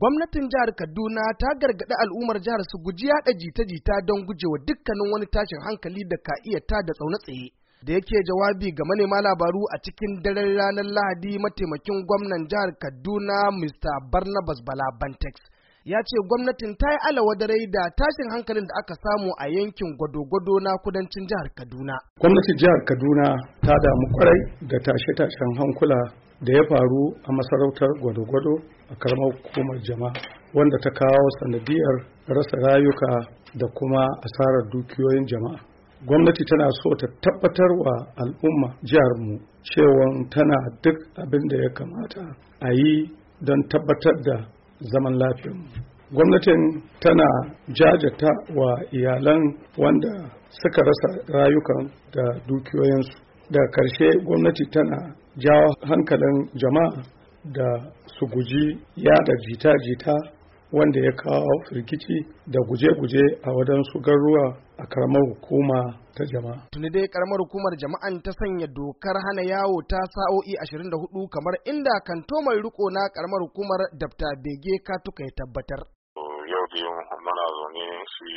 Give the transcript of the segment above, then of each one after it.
Gwamnatin jihar Kaduna ta gargaɗi al'ummar jihar su guji yaɗa jita-jita don gujewa dukkanin wani tashin hankali da ka iya ta da tsaune tsaye. Da yake jawabi ga manema labaru a cikin daren ranar Lahadi mataimakin gwamnan jihar Kaduna Mr. Barnabas Bala Bantex. ya ce gwamnatin ta yi alawadarai da tashin hankalin da aka samu a yankin gwado-gwado na kudancin jihar kaduna gwamnatin jihar kaduna ta damu kwarai da tashe-tashen hankula da ya faru a masarautar gwado-gwado a karamar hukumar jama'a wanda ta kawo sanadiyar rasa rayuka da kuma asarar dukiyoyin jama'a gwamnati tana so ta tabbatar wa al'umma jihar mu cewa tana duk abin da ya kamata a yi don tabbatar da zaman lafiyarmu gwamnatin tana jajata wa iyalan wanda suka rasa rayukan da dukiyoyinsu daga karshe gwamnati tana jawo hankalin jama'a da su guji yada jita-jita wanda ya kawo firgici da guje-guje a wadansu garuwa a karamar hukuma ta jama'a. Tuni dai karamar hukumar jama'an ta sanya dokar hana yawo ta sa'o'i 24 kamar inda kanto mai riko na karamar hukumar dabta bege katuka ya tabbatar. Yau da muna zaune shi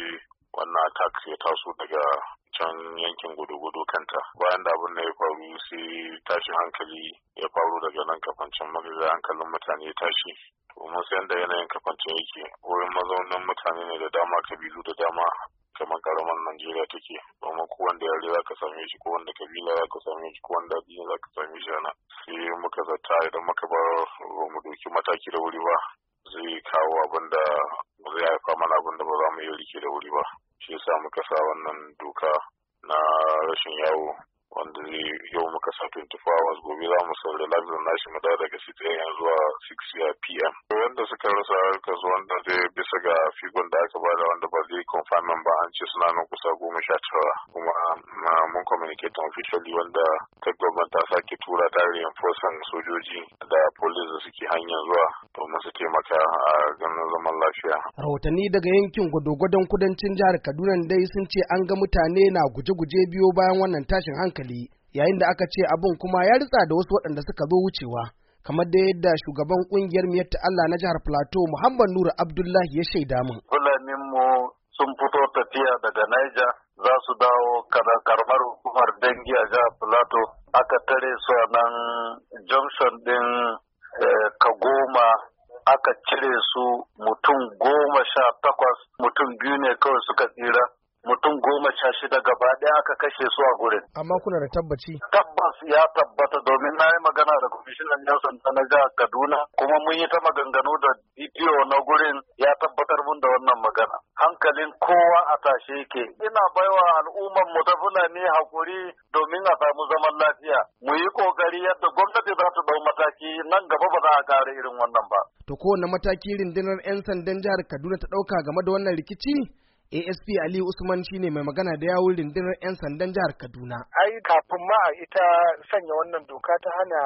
wannan taksi ya taso daga can yankin gudu-gudu kanta bayan da abin da ya faru sai tashin hankali ya faru daga nan kafancin magaza hankalin mutane ya tashi to mun yadda da yanayin kafancin yake wurin mazaunin mutane ne da dama kabilu da dama kamar karamar Najeriya take domin ko wanda yare za ka same shi ko wanda kabila za ka same shi ko wanda addini za ka same shi ana sai muka zata idan muka bar mu doki mataki da wuri ba zai kawo abin da zai haifa mana abin da ba za mu yi rike da wuri ba shi yasa muka sa wannan doka na rashin yawo wanda zai muka 24 hours gobe za mu saurari lafiyar na shi mada daga 6 a.m. zuwa 6 p.m. Wanda suka rasa harkar wanda zai bisa ga figon da aka bada wanda ba zai confirm ba an ce suna nan kusa goma sha tara kuma mun communicate officially wanda ta gwamnan ta sake tura ta reinforcing sojoji da police da suke hanyar zuwa domin su taimaka a ganin zaman lafiya. Rahotanni daga yankin gwadogwadon kudancin jihar Kaduna dai sun ce an ga mutane na guje-guje biyo bayan wannan tashin hankali. yayin da aka ce abun kuma ya ritsa da wasu waɗanda suka zo wucewa kamar da yadda shugaban ƙungiyar miyar ta Allah na jihar Plateau Muhammad Nura Abdullahi ya shaida min. Fulanin mu sun fito tafiya daga Niger za su dawo kada hukumar dangi a jihar Plateau aka tare su a nan junction din eh, Kagoma aka cire su mutum goma sha takwas mutum biyu ne kawai suka aka kashe su a gurin. Amma kuna da tabbaci? Tabbas ya tabbata domin na yi magana da kwamishinan yan sanda na jihar Kaduna kuma mun yi ta maganganu da bidiyo na gurin ya tabbatar mun da wannan magana. Hankalin kowa a tashe yake. Ina baiwa al'umman mu ta Fulani hakuri domin a samu zaman lafiya. Mu yi kokari yadda gwamnati za ta dau mataki nan gaba ba za a kare irin wannan ba. To kowane mataki rundunar 'yan sandan jihar Kaduna ta ɗauka game da wannan rikici? asp ali usman shine mai magana da yawun rundunar 'yan sandan jihar kaduna ai kafin ma ita sanya wannan doka ta hana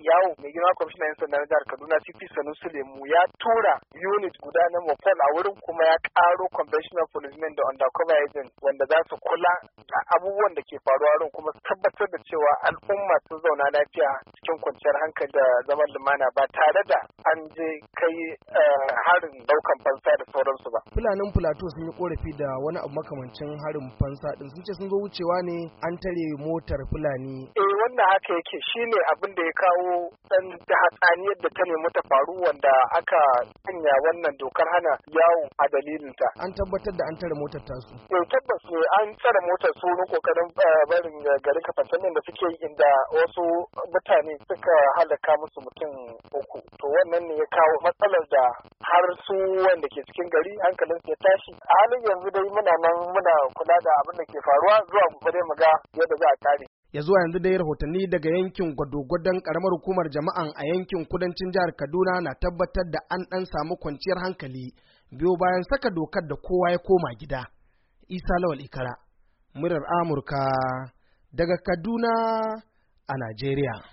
yawo mai gina kwamishinan 'yan sandan jihar kaduna cp sanusi lemu ya tura unit guda na mopol a wurin kuma ya karo conventional policemen da undercover agent wanda za su kula da abubuwan da ke faruwa wurin kuma tabbatar da cewa al'umma sun zauna lafiya cikin kwanciyar hankali da zaman lumana ba tare da an je kai eh, harin daukan fansa da sauransu ba fulanin plateau sun yi tafi da wani abu makamancin harin fansa ɗin sun ce sun zo wucewa ne an tare motar fulani wannan haka yake shi ne abin da ya kawo dan da hatsaniyar da ta nemi ta faru wanda aka sanya wannan dokar hana yawo a dalilinta. An tabbatar da an tare motar tasu. Eh tabbas ne an tsare motar su na kokarin eh, barin garin kafantannin da suke inda wasu mutane suka halaka musu mutum uku. To wannan ne ya kawo matsalar da har su wanda ke cikin gari hankalin su ya tashi. A halin yanzu dai muna nan muna kula da abin da ke faruwa zuwa gobe mu ga yadda za a tare. ya zuwa yanzu dai rahotanni daga yankin gwadogwadon karamar hukumar jama'an a yankin kudancin jihar kaduna na tabbatar da an ɗan samu kwanciyar hankali biyu bayan saka dokar da kowa ya koma gida isa lawal ikara murar amurka daga kaduna a najeriya